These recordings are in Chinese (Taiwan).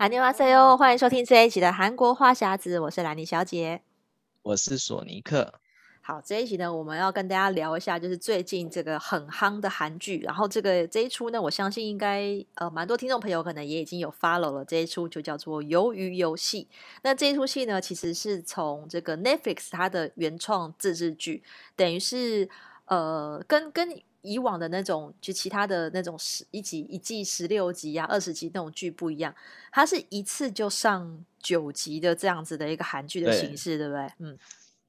哈尼瓦塞喲，歡迎收聽這一集的韓國話匣子，我是蘭妮小姐，我是索尼克。好，這一集呢，我們要跟大家聊一下，就是最近這個很夯的韓劇，然後這個這一出呢，我相信應該呃，蠻多聽眾朋友可能也已經有 follow 了，這一出就叫做《魷魚遊戲》。那這一出戲呢，其實是從這個 Netflix 它的原創自製劇，等於是呃，跟跟。以往的那種，就其他的那種十一集、一季十六集呀、二十集那種劇不一樣，它是一次就上九集的這樣子的一個韓劇的形式，對，對不對？嗯，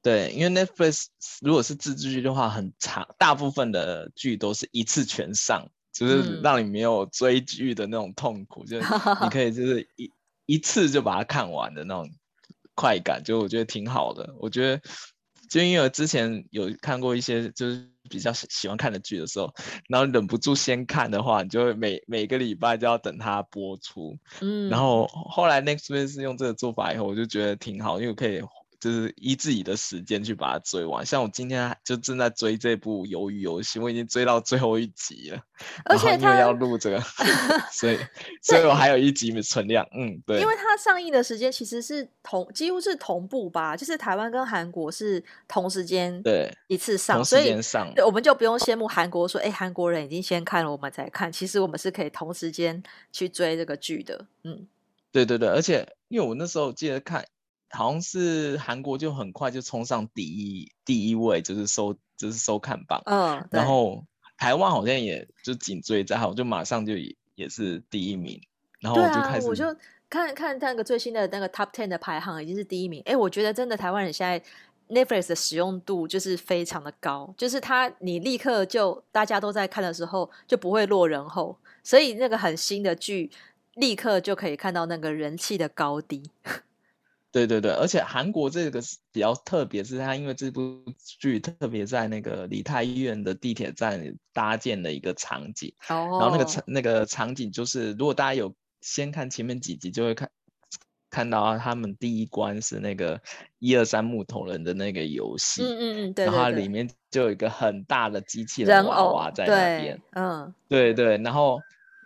對，因為 Netflix 如果是自製劇的話，很長，大部分的劇都是一次全上，就是讓你沒有追劇的那種痛苦。嗯，就你可以就是一一次就把它看完的那種快感， 就我覺得挺好的，我覺得。就因為我之前有看過一些就是比較喜喜歡看的劇的時候，然後忍不住先看的話，你就會每每個禮拜就要等它播出。嗯，然後後來 Netflix 是用這個做法以後，我就覺得挺好，因為可以。就是依自己的時間去把它追完，像我今天就正在追這部《魷魚遊戲》，我已經追到最後一集了，而且他要錄這個， 所以所以我還有一集沒存量。嗯，對。因為它上映的時間其實是同幾乎是同步吧，就是台灣跟韓國是同時間對一次上，同時間上，所以上對我們就不用羨慕韓國說，哎、欸，韓國人已經先看了，我們再看。其實我們是可以同時間去追這個劇的。嗯，對對對，而且因為我那時候記得看。好像是韓國就很快就衝上第一第一位，就是收就是收看榜，嗯、oh，然後台灣好像也就緊追在後，就馬上就也，也是第一名，然後我就開始，啊、我就看、看、看那個最新的那個 top ten 的排行已經是第一名，哎、欸，我覺得真的台灣人現在 Netflix 的使用度就是非常的高，就是他你立刻就大家都在看的時候就不會落人後，所以那個很新的劇立刻就可以看到那個人氣的高低。對對對，而且韓國這個是比較特別，是他因為這部劇特別在那個梨泰院的地鐵站搭建的一個場景。哦、oh.。然後那個場那個場景就是，如果大家有先看前面幾集，就會看看到啊，他們第一關是那個一二三木頭人的那個遊戲。嗯嗯嗯。對，對，對。然後它裡面就有一個很大的機器人娃娃在那邊。對。嗯。對對，然後、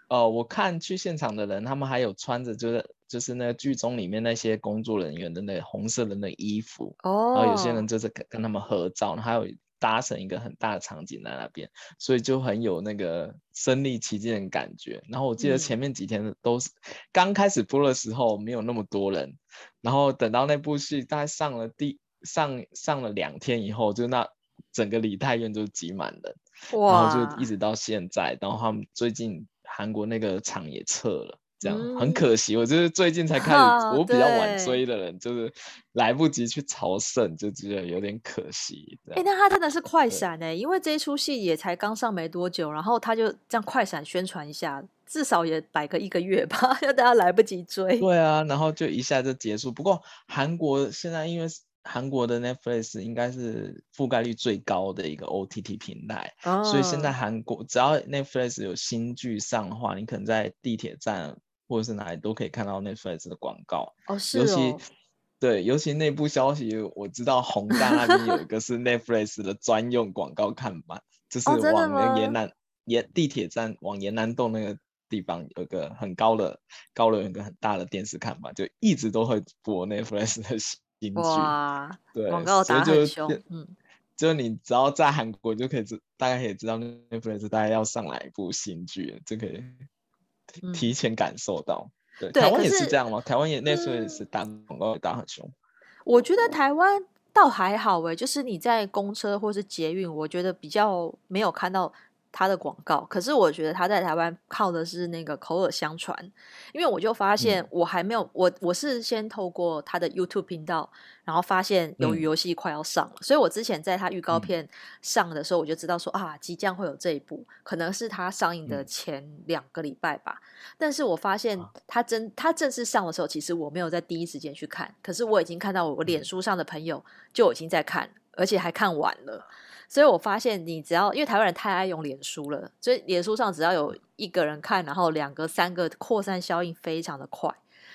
呃、我看去現場的人，他們還有穿着就是。就是那劇中裡面那些工作人員的那紅色的那衣服，oh. 然後有些人就是跟跟他們合照，還有搭成一個很大的場景在那邊，所以就很有那個身臨其境的感覺。然後我記得前面幾天都是、嗯、剛開始播的時候沒有那麼多人，然後等到那部戲大概上了第上上了兩天以後，就那整個梨泰院就擠滿了，wow. 然後就一直到現在。然後他們最近韓國那個場也撤了。嗯、很可惜，我就是最近才開始，啊、我比較晚追的人，就是來不及去朝聖，就覺得有點可惜。欸、那他真的是快閃呢、欸，因為這一出戲也才剛上沒多久，然後他就這樣快閃宣傳一下，至少也擺個一個月吧， 要大家來不及追。對啊，然後就一下就結束。不過韓國現在因為韓國的 Netflix 應該是覆蓋率最高的一個 OTT 平台，啊、所以現在韓國只要 Netflix 有新劇上的話，你可能在地鐵站。或者是哪裡都可以看到 Netflix 的廣告、哦是哦，尤其對，尤其內部消息我知道，弘大那邊有一個是 Netflix 的專用廣告看板， 就是往那延南延、哦、地鐵站往延南洞那個地方有個很高的高樓，有個很大的電視看板，就一直都會播 Netflix 的新劇，哇，對，廣告打很凶，嗯，就你只要在韓國就可以知、嗯，大概可以知道 Netflix 大概要上哪一部新劇，就可以。嗯、提前感受到，對，對台灣也是這樣嗎？台灣也、嗯、那時候也是打廣告打很凶。我覺得台灣倒還好哎、欸，就是你在公車或是捷運，我覺得比較沒有看到。他的廣告，可是我覺得他在台灣靠的是那個口耳相傳，因為我就發現我還沒有、嗯、我我是先透過他的 YouTube 頻道，然後發現魷魚遊戲快要上了，嗯，所以我之前在他預告片上的時候，我就知道說、嗯、啊即將會有這一部，可能是他上映的前兩個禮拜吧。嗯、但是我發現他真他正式上的時候，其實我沒有在第一時間去看，可是我已經看到我臉書上的朋友就已經在看，嗯、而且還看完了。所以我發現，你只要因為台灣人太愛用臉書了，所以臉書上只要有一個人看，然後兩個、三個擴散效應非常的快。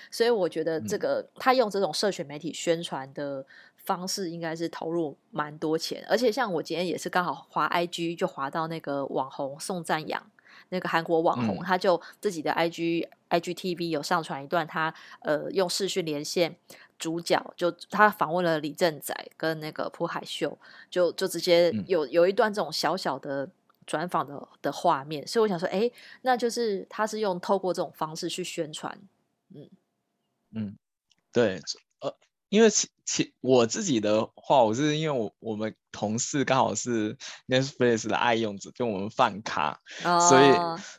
所以我覺得這個他用這種社群媒體宣傳的方式，應該是投入蠻多錢。而且像我今天也是剛好滑 IG，就滑到那個網紅宋讚揚，那個韓國網紅，他就自己的 IG、嗯、IGTV 有上傳一段他呃用視訊連線。主角就他訪問了李正載跟那個朴海秀，就就直接有有一段這種小小的專訪的的畫面，嗯，所以我想說，哎、欸，那就是他是用透過這種方式去宣傳，嗯嗯，對。因為其其我自己的話，我是因為我我們同事剛好是 Netflix 的愛用者，跟我們飯卡，Oh. 所以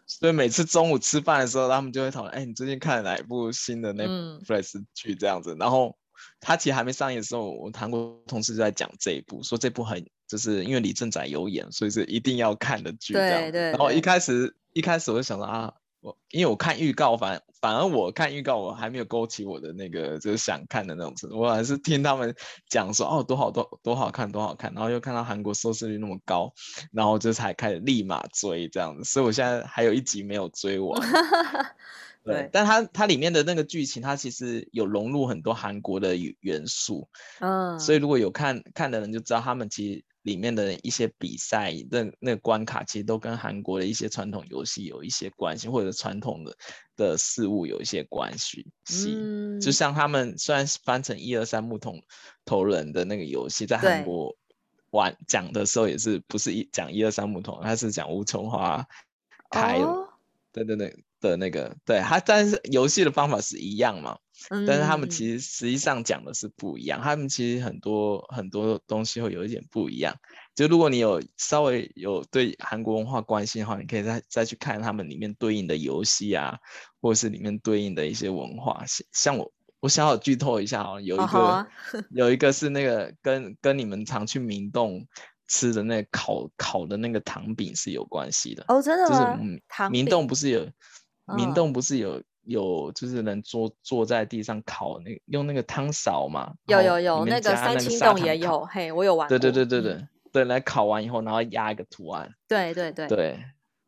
所以每次中午吃飯的時候，他們就會討論，哎，你最近看了哪一部新的 Netflix 劇這樣子？嗯、然後他其實還沒上映的時候，我韓國同事就在講這一部，說這部很就是因為李正宰有演，所以是一定要看的劇這樣。對對，對。然後一開始一開始我就想到啊。我因為我看預告，反而反而我看預告，我還沒有勾起我的那個就是想看的那種程度，我還是聽他們講說哦多好多多好看多好看，然後又看到韓國收視率那麼高，然後就才開始立馬追這樣子，所以我現在還有一集沒有追完。 對，但它它裡面的那個劇情，它其實有融入很多韓國的元素，嗯，所以如果有看看的人就知道他們其實。裡面的一些比賽，那那關卡其實都跟韓國的一些傳統遊戲有一些關係，或者傳統的的事物有一些關係。嗯，就像他們雖然翻成“一二三木頭人”的那個遊戲，在韓國玩講的時候也是不是一講“一二三木頭”，他是講無窮花開、oh. 那個，對對對的，那個對他，但是遊戲的方法是一樣嘛。但是他們其實實際上講的是不一樣，嗯，他們其實很多很多東西會有一點不一樣。就如果你有稍微有對韓國文化關心的話，你可以再再去看他們裡面對應的遊戲啊，或是裡面對應的一些文化。像我我小小劇透一下啊，有一個，哦啊、 有一個是那個跟跟你們常去明洞吃的那烤烤的那個糖餅是有關係的。哦，真的嗎？就是，明，糖餅明洞不是有明洞不是有。明洞不是有哦有就是能坐坐在地上烤那個、用那個湯勺嘛，有有有那個三清洞也有嘿，我有玩對對對對對，對、嗯，對，來烤完以後，然後壓一個圖案。對對對對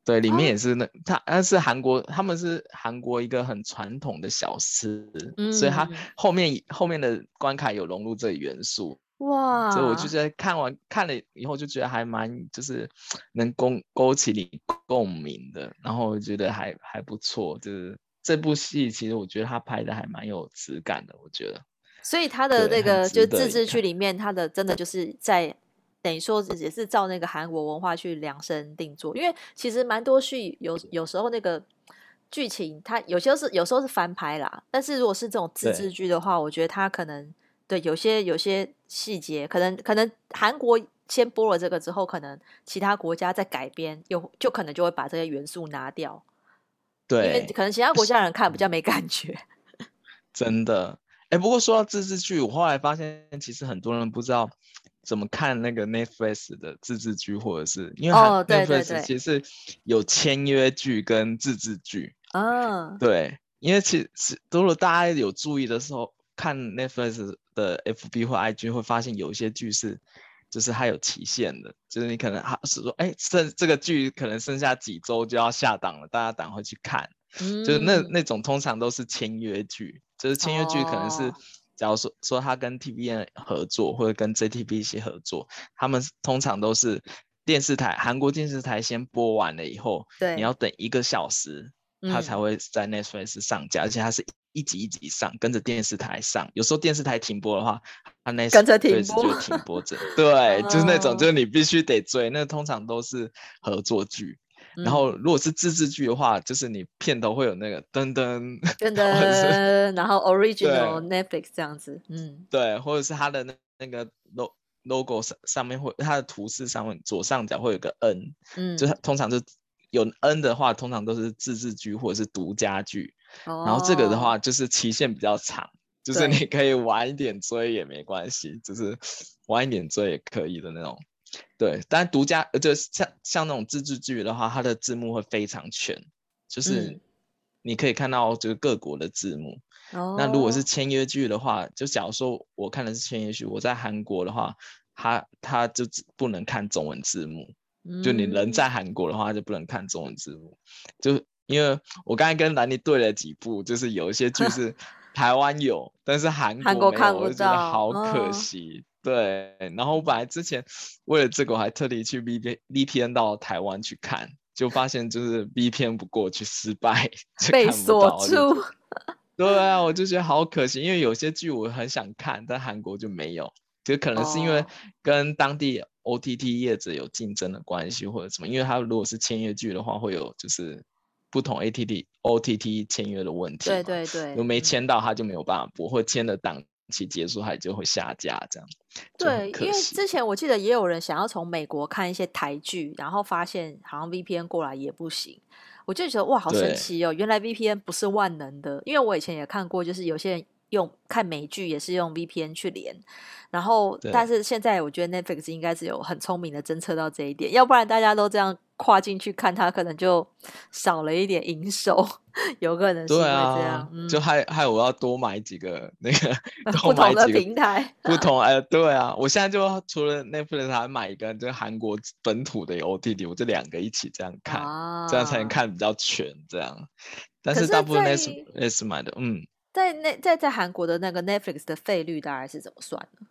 對，裡面也是那它，那、哦、是韓國，他們是韓國一個很傳統的小吃，嗯、所以它後面後面的關卡有融入這元素。哇！所以我就覺得看完看了以後就覺得還蠻就是能勾勾起你共鳴的，然後我覺得還還不錯，就是。這部戲其實我覺得他拍得還蠻有質感的，我覺得。所以他的那個就是、自製劇裡面，他的真的就是在等於說也是照那個韓國文化去量身定做，因為其實蠻多戲有有時候那個劇情，它有些是有時候是翻拍啦，但是如果是這種自製劇的話，我覺得他可能對有些有些細節，可能可能韓國先播了這個之後，可能其他國家再改編，有就可能就會把這些元素拿掉。對，可能其他國家人看比較沒感覺。真的，欸，不過說到自製劇，我後來發現其實很多人不知道怎麼看那個 Netflix 的自製劇，或者是因為 Netflix 其實是有簽約劇跟自製劇啊，哦。對，因為其實如果大家有注意的時候，看 Netflix 的 FB 或 IG 會發現有一些劇是。就是它有期限的，就是你可能還是說，哎、欸，剩這個劇可能剩下幾周就要下檔了，大家趕快去看，嗯、就是那那種通常都是簽約劇，就是簽約劇可能是，哦、假如說說他跟 TVN 合作或者跟 JTBC 一起合作，他們通常都是電視台韓國電視台先播完了以後，你要等一個小時，他才會在 Netflix 上架、嗯，而且它是。一集一集上，跟着電視台上。有時候電視台停播的話，它那跟着停播就停播着。播 對，就是那種，哦、就是你必須得追。那個、通常都是合作劇、嗯。然後，如果是自製劇的話，就是你片頭會有那個噔噔噔噔 然是，然後 original Netflix 這樣子。嗯，對，或者是它的那那個 lo logo 上上面會它的圖示上面左上角會有個 N，嗯，就它通常就有 N 的話，通常都是自製劇或者是獨家劇。然後這個的話就是期限比較長，oh, 就是你可以晚一點追也沒關係，就是晚一點追也可以的那種。對，但獨家呃就是像像那種自製劇的話，它的字幕會非常全，就是你可以看到就是各國的字幕。Mm. 那如果是簽約劇的話，oh. 就假如說我看的是簽約劇，我在韓國的話，它它就不能看中文字幕。Mm. 就你人在韓國的話，就不能看中文字幕。就因為我剛才跟蘭尼對了幾部，就是有一些劇是台灣有， 但是韓國沒有，我就覺得好可惜。韓國看不到。哦、對，然後我本來之前為了這個，我還特地去 V P N，V P N 到台灣去看，就發現就是 V P N 不過去失敗， 被鎖住。對啊，我就覺得好可惜，因為有些劇我很想看，但韓國就沒有。就可能是因為跟當地 O T T 業者有競爭的關係，哦、或者什麼，因為他如果是簽約劇的話，會有就是。不同 ATT、OTT 簽約的問題，對對對，如沒簽到他就沒有辦法播，或簽了檔期結束，他也就會下架這樣。對，因為之前我記得也有人想要從美國看一些台劇，然後發現好像 VPN 過來也不行，我就覺得哇，好神奇哦，原來 VPN 不是萬能的。因為我以前也看過，就是有些人。用看美劇也是用 VPN 去連，然後但是現在我覺得 Netflix 應該是有很聰明的偵測到這一點，要不然大家都這樣跨進去看，它可能就少了一點營收，有可能是這樣對啊，嗯、就害害我要多買幾個那個,個不同的平台，不同哎、 呃，對啊，我現在就除了 Netflix 還買一個就韓國本土的 OTT 我這兩個一起這樣看、啊，這樣才能看比較全這樣，但是大部分還是還是買的，嗯。在那在在韓國的那個 Netflix 的費率大概是怎麼算呢？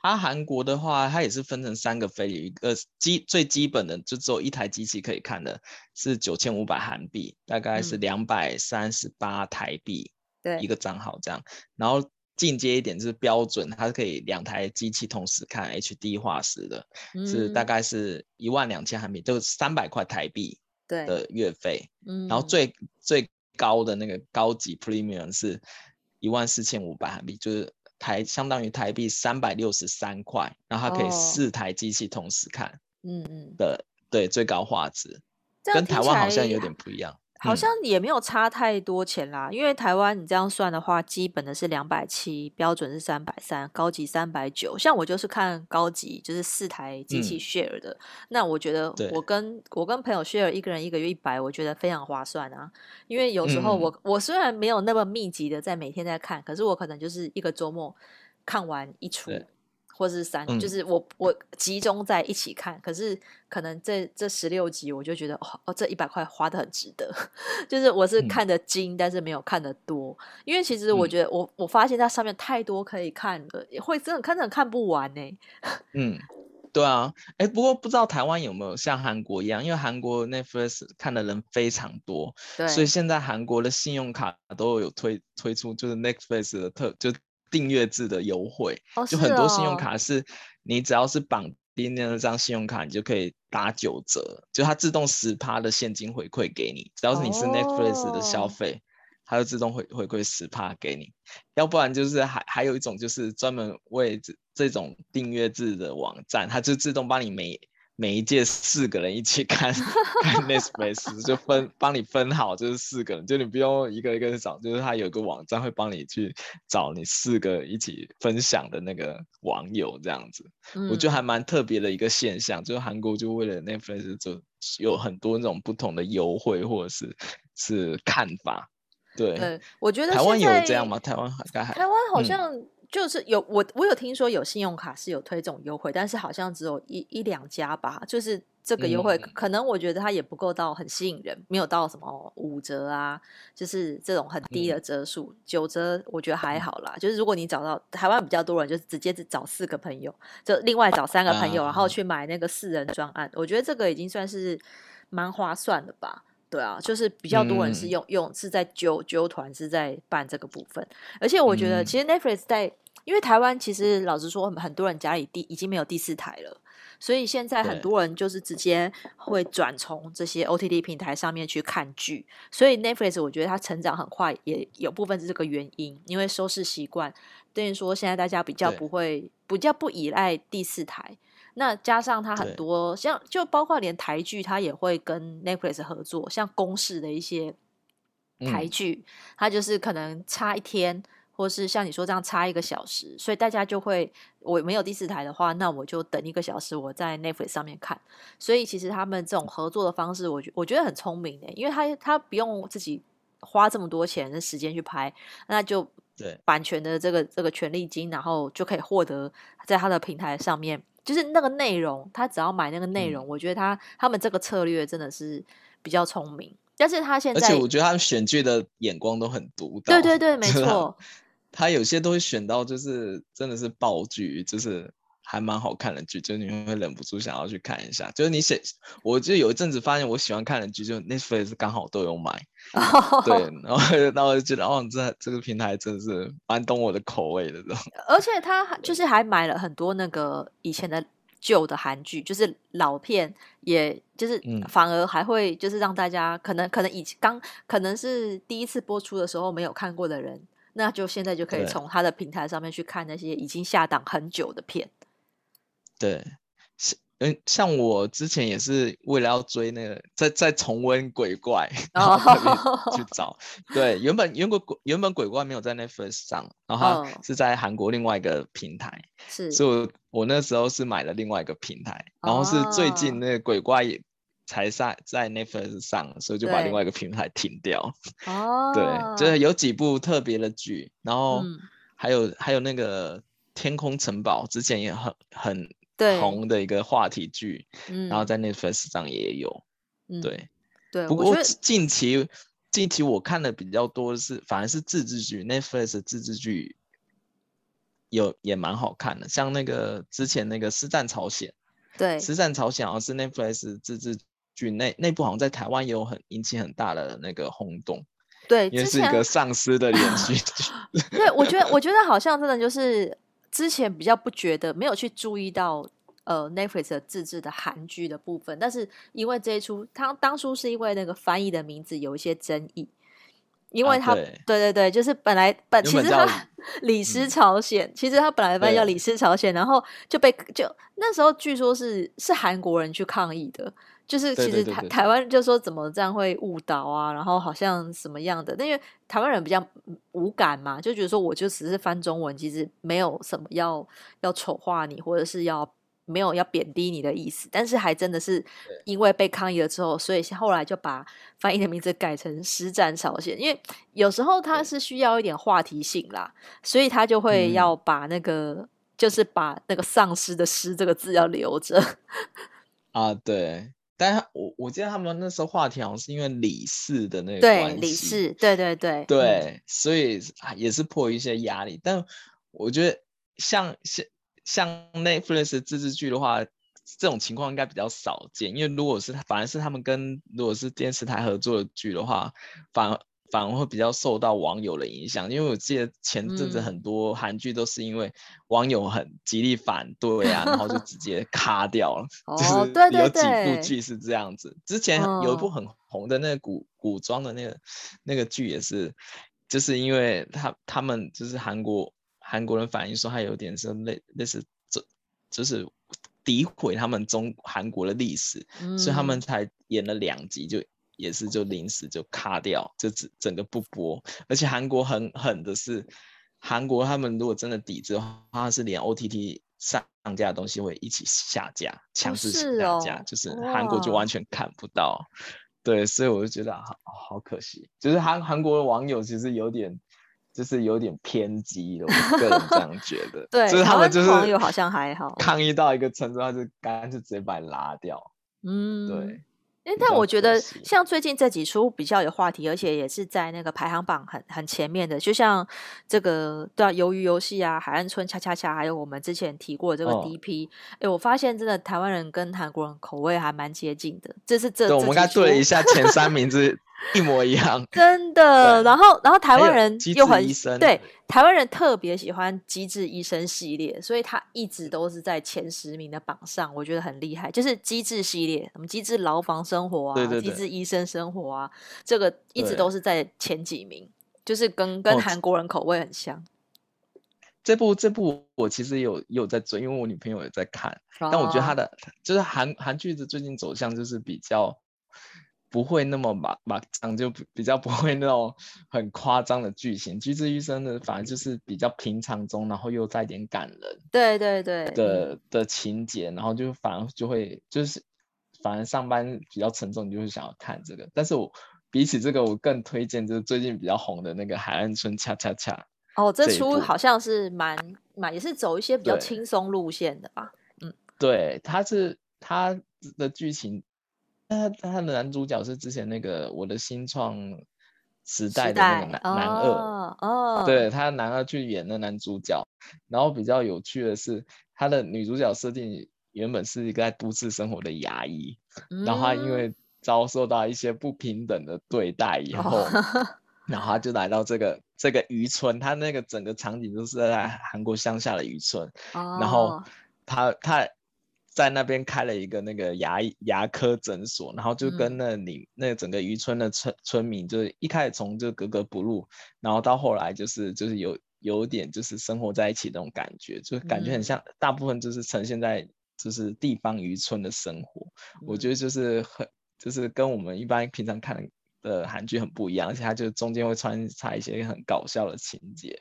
它韓國的話，它也是分成三個費率，呃，基最基本的就只有一台機器可以看的，是九千五百韓幣，大概是兩百三十八台幣，對，一個賬號這樣。嗯，然後進階一點就是標準，它是可以兩台機器同時看 HD 畫質的，嗯，是大概是一萬兩千韓幣，就是三百塊台幣，對，的月費。嗯，然後最最。高的那個高級 Premium 是一萬四千五百韓幣，就是台相當於台幣三百六十三塊，然後它可以四台機器同時看、哦，嗯嗯的對最高畫質，跟台灣好像有點不一樣。啊好像也沒有差太多錢啦，嗯、因為台灣你這樣算的話，基本的是兩百七，標準是三百三，高級三百九。像我就是看高級，就是四台機器 share 的，嗯。那我覺得我跟我跟朋友 share，一個人一個月一百，我覺得非常划算啊。因為有時候我、嗯、我雖然沒有那麼密集的在每天在看，可是我可能就是一個周末看完一出。或是三，就是我我集中在一起看，嗯、可是可能這這十六集我就覺得，哦，哦，這一百塊花的很值得， 就是我是看的精、嗯，但是沒有看的多，因為其實我覺得我、嗯、我發現它上面太多可以看的也會真的看着看不完呢、欸。嗯，對啊，哎、欸，不過不知道台灣有沒有像韓國一樣，因為韓國 Netflix 看的人非常多，所以現在韓國的信用卡都有推推出就是 Netflix 的特就。訂閱制的優惠、哦哦，就很多信用卡是，你只要是綁定的那張信用卡，你就可以打九折，就它自動十趴的現金回饋給你。只要是你是 Netflix 的消費、哦，它就自動回回饋十趴給你。要不然就是還還有一種就是專門為這這種訂閱制的網站，它就自動幫你每。每一屆四個人一起看，看 Netflix， 就分幫你分好，就是四個人，就你不用一個一個找，就是他有個網站會幫你去找你四個一起分享的那個網友這樣子。嗯、我覺得還蠻特別的一個現象，就是韓國就為了 Netflix 就有很多那種不同的優惠或者是是看法。對，對、嗯、我覺得台灣有這樣嗎？台灣好像台灣好像、嗯。就是有，我，我有聽說有信用卡是有推這種優惠，但是好像只有一一兩家吧。就是這個優惠、嗯，可能我覺得它也不夠到很吸引人，沒有到什麼五折啊，就是這種很低的折數、嗯。九折我覺得還好啦。就是如果你找到台灣比較多人，就直接找四個朋友，就另外找三個朋友，啊、然後去買那個四人專案，我覺得這個已經算是蠻划算的吧。對啊，就是比較多人是用、嗯、用是在揪揪團是在辦這個部分，而且我覺得其實 Netflix 在，嗯、因為台灣其實老實說，很多人家裡第已經沒有第四台了，所以現在很多人就是直接會轉從這些 OTT 平台上面去看劇，所以 Netflix 我覺得它成長很快，也有部分是這個原因，因為收視習慣，等於說現在大家比較不會比較不依賴第四台。那加上他很多像，就包括連台劇他也會跟 Netflix 合作，像公視的一些台劇，他就是可能差一天，或是像你說這樣差一個小時，所以大家就會，我沒有第四台的話，那我就等一個小時我在 Netflix 上面看。所以其實他們這種合作的方式，我覺我覺得很聰明的，因為他他不用自己花這麼多錢的時間去拍，那就對版權的這個這個權利金，然後就可以獲得在他的平台上面。就是那個內容，他只要買那個內容、嗯，我覺得他他們這個策略真的是比較聰明。但是他現在，而且我覺得他們選劇的眼光都很獨到。對對對，沒錯，他有些都會選到，就是真的是爆劇，就是。還蠻好看的劇，就你會忍不住想要去看一下。就是你寫，我就有一陣子發現我喜歡看的劇，就 Netflix 剛好都有買，oh. 對，然後然後就覺得， 哦，這這個平台真的是蠻懂我的口味的。都，而且他就是還買了很多那個以前的舊的韓劇，就是老片，也就是反而還會就是讓大家可能、嗯、可能以前剛可能是第一次播出的時候沒有看過的人，那就現在就可以從他的平台上面去看那些已經下檔很久的片。對，像嗯，像我之前也是為了要追那個，在在重溫《鬼怪》，然後特別去找。Oh. 對，原本原本鬼原本《鬼怪》沒有在那 e t 上，然後是在韓國另外一個平台。是，oh.，所以我我那時候是買了另外一個平台，然後是最近那《鬼怪》也才在在那 e 上，oh. 所以就把另外一個平台停掉。哦，oh. 對，就是有幾部特別的劇，然後還有，oh. 還有那個《天空城堡》，之前也很很。同的一個話題劇，嗯，然後在 Netflix 上也有，嗯、對對。不過近期近期我看的比較多的是，反而是自製劇，Netflix 自製劇有也蠻好看的，像那個之前那個《屍戰朝鮮》，對，《屍戰朝鮮》好像是 Netflix 自製劇，內那部好像在台灣也有很引起很大的那個轟動，對，也是一個喪屍的連續劇。 對，我覺得我覺得好像真的就是。之前比較不覺得，沒有去注意到呃 Netflix 的自製的韓劇的部分，但是因為這一出，他當初是因為那個翻譯的名字有一些爭議，因為他、啊、對，對對對，就是本來本其實他李屍朝鮮，其實他、嗯、本來應該叫李屍朝鮮，然後就被就那時候據說是是韓國人去抗議的。就是其實台台灣就說，怎麼這樣會誤導啊，對對對對，然後好像什麼樣的，但因為台灣人比較無，無感嘛，就覺得說我就只是翻中文，其實沒有什麼要要醜化你或者是要沒有要貶低你的意思，但是還真的是因為被抗議了之後，所以後來就把翻譯的名字改成“屍戰朝鮮”，因為有時候他是需要一點話題性啦，所以他就會要把那個、嗯、就是把那個“喪屍”的“屍”這個字要留着啊，對。但我我記得他們那時候話題好像是因為李四的那個關係，對李氏，對對對對，所以也是迫於一些壓力。但我覺得像像像那 Netflix 自製劇的話，這種情況應該比較少見，因為如果是他反而是他們跟如果是電視台合作的劇的話，反而。反而會比較受到網友的影響，因為我記得前陣子很多韓劇都是因為網友很極力反對啊，嗯、 然後就直接卡掉了。哦、就對對對，有幾部劇是這樣子、哦對對對。之前有一部很紅的那個古、哦、古裝的那個那個劇也是，就是因為他他們就是韓國韓國人反映說他有點是類類似這，就就是詆毀他們中韓國的歷史、嗯，所以他們才演了兩集就，也是就臨時就卡掉，就整整個不播。而且韓國很狠的是，韓國他們如果真的抵制的話，他是連 OTT 上架的東西會一起下架，強制下架，是哦、就是韓國就完全看不到、哦。對，所以我就覺得好，好可惜。就是韓韓國的網友其實有點，就是有點偏激，我個人這樣覺得。 對，就是他們就是網友好像還好。抗議到一個程度，他就乾脆就直接把你拉掉。嗯，對。因為但我覺得像最近這幾出比較有話題，而且也是在那個排行榜很很前面的，就像這個對《魷魚遊戲》啊，啊《海岸村恰恰恰》，還有我們之前提過這個 DP，哦《D P》。哎，我發現真的台灣人跟韓國人口味還蠻接近的，這是這，對，這我們剛對了一下前三名字。。 一模一樣，真的。然後，然後台灣人又很，對，台灣人特別喜歡《機智醫生》系列，所以它一直都是在前十名的榜上，我覺得很厲害。就是《機智》系列，什麼《機智牢房生活》啊，對對對《機智醫生生活》啊，這個一直都是在前幾名，就是跟跟韓國人口味很像。哦、這部這部我其實有有在追，因為我女朋友也在看，哦、但我覺得他的就是韓韓劇的最近走向就是比較。不會那麼麻麻就比較不會那種很誇張的劇情，機智醫生的反而就是比較平常中，然後又帶一點感人，對對對的的情節，然後就反而就會就是，反而上班比較沉重，你就會想要看這個。但是我比起這個，我更推薦就是最近比較紅的那個《海岸村恰恰恰》。哦，這出好像是蠻蠻也是走一些比較輕鬆路線的吧？嗯，對，它是它的劇情。他他的男主角是之前那個我的新創時代的那個男、哦、男二、哦、對，他男二去演的男主角，然後比較有趣的是他的女主角設定原本是一個在都市生活的牙醫，嗯，然後他因為遭受到一些不平等的對待以後，哦、 然後他就來到這個這個漁村，他那個整個場景就是在韓國鄉下的漁村，哦，然後他他，在那邊開了一個那個牙牙科診所，然後就跟那裡那整個漁村的村、嗯、村民，就是一開始從就格格不入，然後到後來就是就是有有點就是生活在一起的那種感覺，就感覺很像大部分就是呈現在就是地方漁村的生活、嗯，我覺得就是很就是跟我們一般平常看的，的韓劇很不一樣，而且它就中間會穿插一些很搞笑的情節，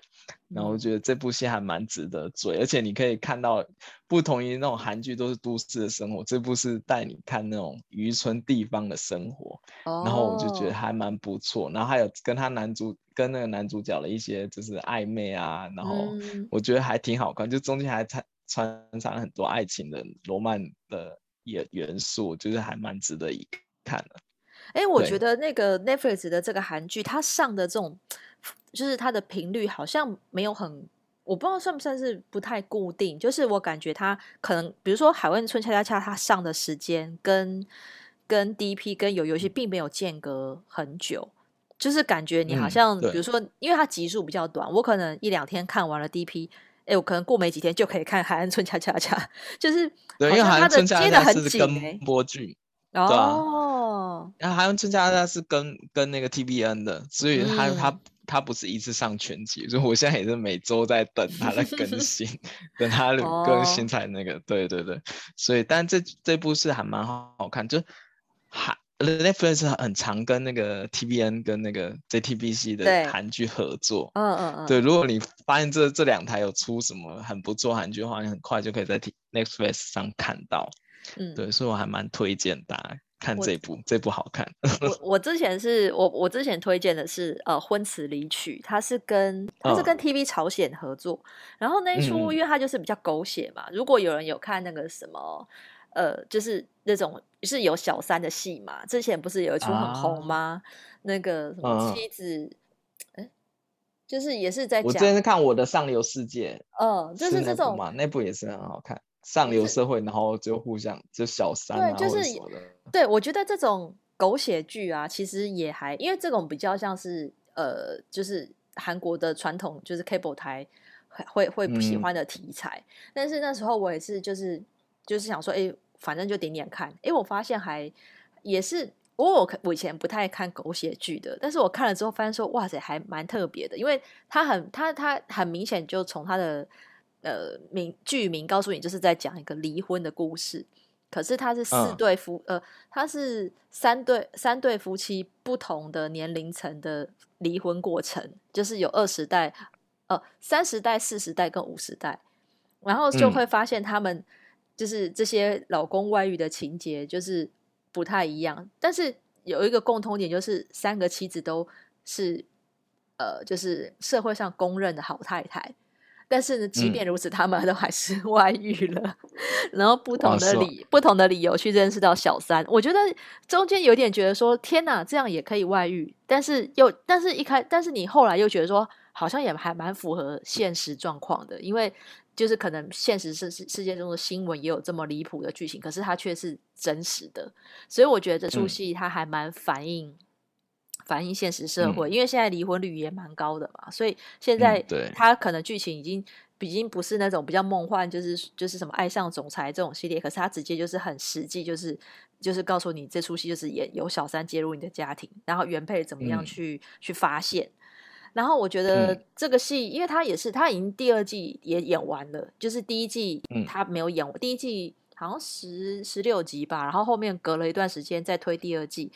然後我覺得這部戲還蠻值得追，而且你可以看到不同於那種韓劇都是都市的生活，這部是帶你看那種漁村地方的生活，oh。然後我就覺得還蠻不錯。然後還有跟他男主跟那個男主角的一些就是曖昧啊，然後我覺得還挺好看，就中間還穿穿插了很多愛情的羅曼的也元素，就是還蠻值得一看的。哎、欸，我覺得那個 Netflix 的這個韓劇，它上的這種，就是它的頻率好像沒有很，我不知道算不算是不太固定。就是我感覺它可能，比如說《海岸村恰恰恰》，它上的時間跟跟 DP、跟魷魚遊戲並沒有間隔很久，就是感覺你好像，嗯、比如說，因爲它集數比較短，我可能一兩天看完了 DP，哎、欸，我可能過沒幾天就可以看《海岸村恰恰恰》，就是對它、欸，因爲海岸村，接恰恰恰是跟播劇。 對啊，然後還有《春家》他是跟跟那個 TVN 的，所以他、嗯、他他不是一次上全集，所以我現在也是每周在等他的更新， 等他的更新才那個，oh. 對對對。所以，但這這部是還蠻好好看，就韓 Netflix 很常跟那個 TVN 跟那個 JTBC 的韓劇合作。嗯嗯嗯。對，如果你發現這這兩台有出什麼很不錯韓劇的話，你很快就可以在、T、Netflix 上看到。嗯，對，所以我還蠻推薦大家看這部，這部好看。 我我之前是我我之前推薦的是呃《婚詞離曲》，它是跟它是跟 TV 朝鮮合作，嗯，然後那一出，因為它就是比較狗血嘛。嗯、如果有人有看那個什麼，呃，就是那種是有小三的戲嘛，之前不是有一出很紅嗎？啊、那個什麼妻子，哎、啊，就是也是在講。我之前是看《我的上流世界》，呃，嗯，就是這種嘛，那部也是很好看。上流社會，就是，然後就互相就小三啊，對，就是的。對，我覺得這種狗血劇啊，其實也還，因為這種比較像是呃，就是韓國的傳統，就是 cable 台會會，會不喜歡的題材，嗯。但是那時候我也是，就是就是想說，哎，反正就點點看。哎，我發現還也是，我我我以前不太看狗血劇的，但是我看了之後發現說，哇塞，還蠻特別的，因為它很，它它很明顯就從它的。呃，名劇名告訴你，就是在講一個離婚的故事。可是他是四對夫，啊、呃，他是三對三對夫妻不同的年齡層的離婚過程，就是有二十代，呃，三十代、四十代跟五十代，然後就會發現他們就是這些老公外遇的情節就是不太一樣，嗯、但是有一個共通點，就是三個妻子都是呃，就是社會上公認的好太太。但是呢，即便如此，嗯，他們都還是外遇了，嗯、然後不同的理、啊啊、不同的理由去認識到小三。我覺得中間有點覺得說，天吶，這樣也可以外遇？但是又，但是一開，但是你後來又覺得說，好像也還蠻符合現實狀況的，因為就是可能現實世世世界中的新聞也有這麼離譜的劇情，可是它卻是真實的。所以我覺得這出戲它還蠻反映。嗯反映現實社會，嗯、因為現在離婚率也蠻高的嘛，所以現在他可能劇情已經已經不是那種比較夢幻，就是就是什麼愛上總裁這種系列，可是他直接就是很實際、就是，就是就是告訴你這出戲就是演有小三介入你的家庭，然後原配怎麼樣去、嗯、去發現。然後我覺得這個戲，因為他也是他已經第二季也演完了，就是第一季他沒有演完、嗯，第一季好像十十六集吧，然後後面隔了一段時間再推第二季。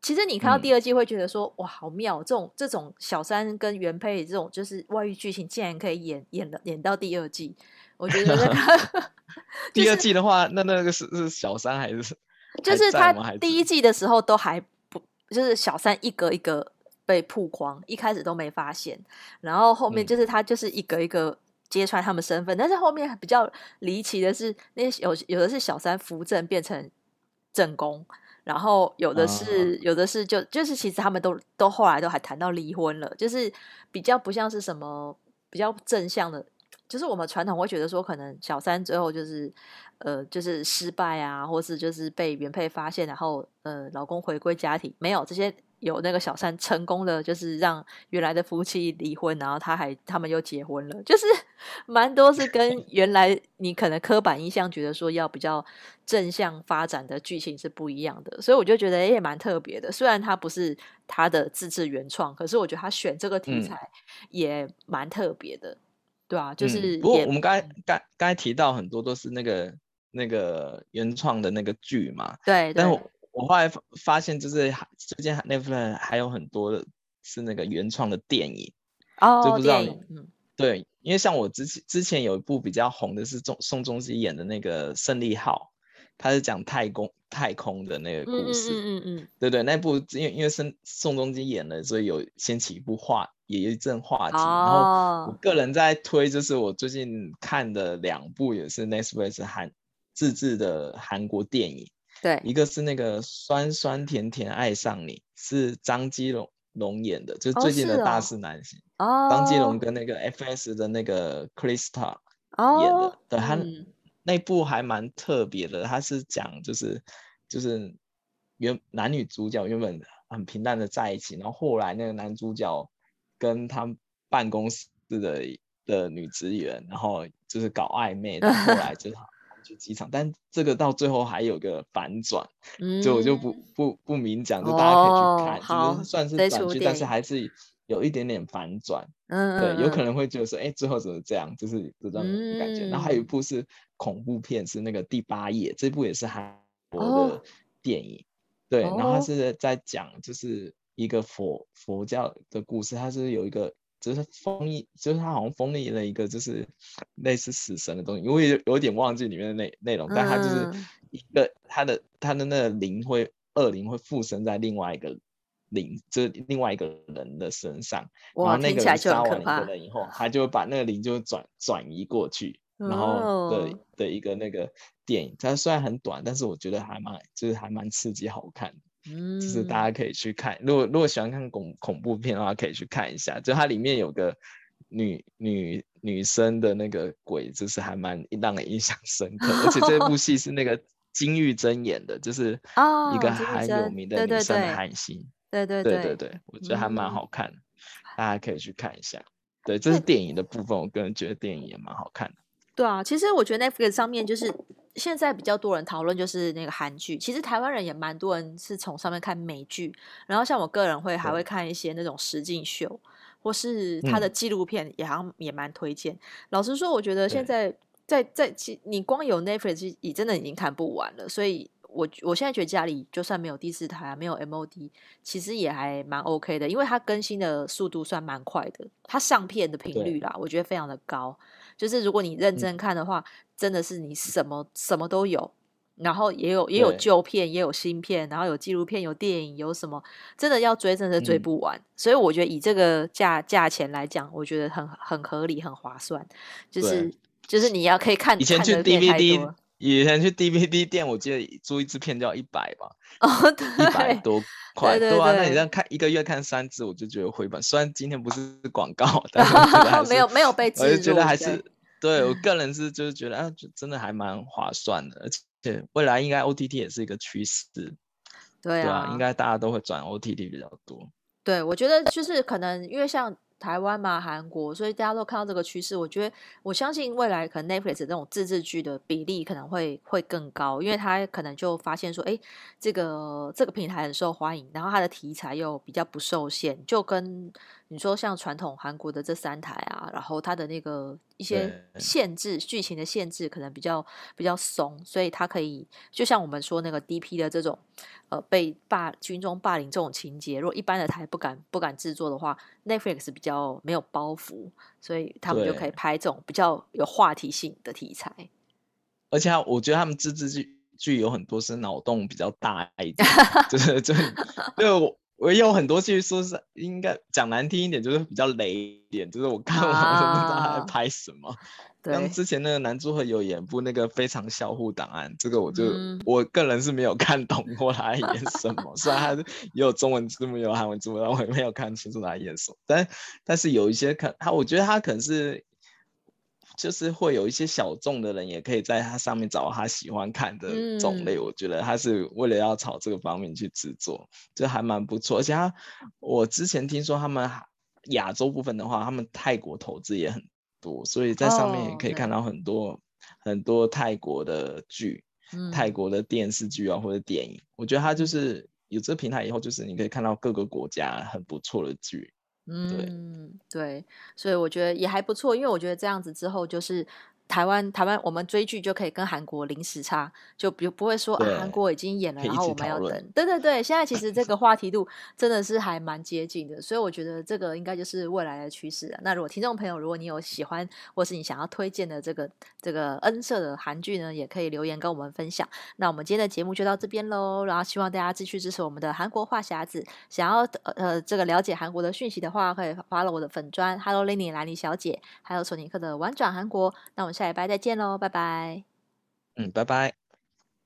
其實你看到第二季會覺得說、嗯、哇，好妙，這種這種小三跟原配這種就是外遇劇情，竟然可以演演了演到第二季，我覺得、那個 就是。第二季的話，那那個是是小三還是？就是他第一季的時候都還不就是小三一個一個被曝光，一開始都沒發現，然後後面就是他就是一個一個揭穿他們身份、嗯，但是後面比較離奇的是，那些有有的是小三扶正變成正宮。然後有的是，啊、有的是就就是，其實他們都都後來都還談到離婚了，就是比較不像是什麼比較正向的，就是我們傳統會覺得說，可能小三最後就是呃就是失敗啊，或是就是被原配發現，然後呃老公回歸家庭，沒有這些。有那個小三成功的，就是讓原來的夫妻離婚，然後他還他們又結婚了，就是蠻多是跟原來你可能刻板印象覺得說要比較正向發展的劇情是不一樣的，所以我就覺得、欸、也蠻特別的。雖然它不是它的自製原創，可是我覺得他選這個題材也蠻特別的，嗯、對啊，就是、嗯。不過我們剛剛剛提到很多都是那個那個原創的那個劇嘛，對，對但我我後來發發現，就是最近那部分還有很多的是那個原創的電影，哦、oh，對，就不知道。對，因為像我之之前有一部比較紅的是宋宋仲基演的那個《勝利號》，他是講太空太空的那個故事，嗯嗯，嗯，嗯，嗯對，對對，那部因為因為是宋仲基演的，所以有掀起一部話也有一陣話題。Oh. 然後我個人在推，就是我最近看的兩部也是 Netflix 韓自製的韓國電影。對，一個是那個酸酸甜甜愛上你，是張基龍龍演的，哦、就是最近的大勢男星，哦，張基龍跟那個 FS 的那個 Krystal 演的，哦、對他那部還蠻特別的，他是講就是、嗯、就是原男女主角原本很平淡的在一起，然後後來那個男主角跟他辦公室的的女職員，然後就是搞曖昧，然後,後來就。 機場，但這個到最後還有個反轉，就、嗯、我就不不不明講，就大家可以去看，就、哦、是算是短劇，但是還是有一點點反轉。嗯，嗯，嗯，對，有可能會覺得說，哎、欸，最後怎麼這樣，就是這種感覺、嗯。然後還有一部是恐怖片，是那個第八頁，這部也是韓國的電影，哦、對，然後他是在講就是一個佛佛教的故事，他是有一個。就是封印，就是他好像封印了一個就是類似死神的東西。因為有點忘記裡面的內內容，但他就是一個他的他的那個靈會惡靈會附身在另外一個靈，就是另外一個人的身上，然後那個殺完一個人以後，他就會把那個靈就轉轉移過去，然後的、哦、的一個那個電影，它雖然很短，但是我覺得還蠻就是還蠻刺激，好看的。就是大家可以去看，如果如果喜歡看恐恐怖片的話，可以去看一下。就它裡面有個女女女生的那個鬼，就是還蠻讓人印象深刻。而且這部戲是那個金玉珍演的， 就是一個很有名的女生的韓星、哦。對對對對對對，對，對，對，對對對，我覺得還蠻好看、嗯、大家可以去看一下。對，這、就是電影的部分，我個人覺得電影也蠻好看的。對啊，其實我覺得 Netflix 上面，就是現在比較多人討論，就是那個韓劇。其實台灣人也蠻多人是從上面看美劇，然後像我個人會還會看一些那種實境秀，或是他的紀錄片也好，像也蠻推薦。嗯。老實說，我覺得現在在在，在其實你光有 Netflix 你真的已經看不完了，所以。我我現在覺得家裡就算沒有第四台、啊，沒有 MOD，其實也還蠻 OK 的，因為它更新的速度算蠻快的，它上片的頻率啦，我覺得非常的高。就是如果你認真看的話，嗯、真的是你什麼什麼都有，然後也有也有舊片，也有新片，片，然後有紀錄片，有電影，有什麼真的要追，真的追不完、嗯。所以我覺得以這個價價錢來講，我覺得很很合理，很划算。就是就是你要可以看，看的片太多，以前去 DVD。以前去 DVD 店，我記得租一支片就要一百吧，哦、oh，對，一百多塊，對啊。那你這樣看一個月看三支，我就覺得回本。雖然今天不是廣告，但是是 沒有沒有被，我就覺得還是對我個人是就是覺得啊，就真的還蠻划算的。而且未來應該 OTT 也是一個趨勢，對啊，對啊，應該大家都會轉 OTT 比較多。對，我覺得就是可能因為像。台灣嘛，韓國，所以大家都看到這個趨勢。我覺得我相信未來可能 Netflix 這種自製劇的比例可能會會更高，因為他可能就發現說，哎、欸，這個這個平台很受歡迎，然後他的題材又比較不受限，就跟你說像傳統韓國的這三台啊，然後他的那個一些限制，劇情的限制可能比較比較鬆，所以他可以就像我們說那個 D.P 的這種，呃，被霸，軍中霸凌這種情節，如果一般的台不敢不敢製作的話，Netflix 比較比較沒有包袱，所以他們就可以拍這種比較有話題性的題材。而且，我覺得他們自製劇有很多是腦洞比較大一點， 就是就 我有很多劇說是應該講難聽一點，就是比較雷一點，就是我看了、啊、我都不知道他在拍什麼。像之前那個南柱赫有演部那個非常校護檔案，這個我就、嗯、我個人是沒有看懂過他在演什麼。 雖然他也有中文字幕，也有韓文字幕，但我也沒有看清楚他在演什麼。但但是有一些可他，我覺得他可能是。就是會有一些小眾的人，也可以在它上面找他喜歡看的種類。嗯、我覺得他是為了要朝這個方面去制作，就還蠻不錯。而且他，我之前聽說他們亞洲部分的話，他們泰國投資也很多，所以在上面也可以看到很多，哦，很多泰國的劇，嗯、泰國的電視劇啊或者電影。我覺得他就是有這個平台以後，就是你可以看到各個國家很不錯的劇。嗯對，對，所以我覺得也還不錯，因為我覺得這樣子之後就是。台灣台灣，我們追劇就可以跟韓國零時差，就不就不會說啊，哎，韓國已經演了，然後我們要等。對對對，現在其實這個話題度真的是還蠻接近的， 所以我覺得這個應該就是未來的趨勢，啊。那如果聽眾朋友，如果你有喜歡或是你想要推薦的這個這個 N 社的韓劇呢，也可以留言跟我們分享。那我們今天的節目就到這邊嘍，然後希望大家繼續支持我們的韓國話匣子。想要呃這個了解韓國的訊息的話，可以 follow 我的粉專 Hello Lenny 蘭尼小姐，還有索尼克的玩轉韓國。那我們。拜拜，再見嘍，拜拜。嗯，拜拜。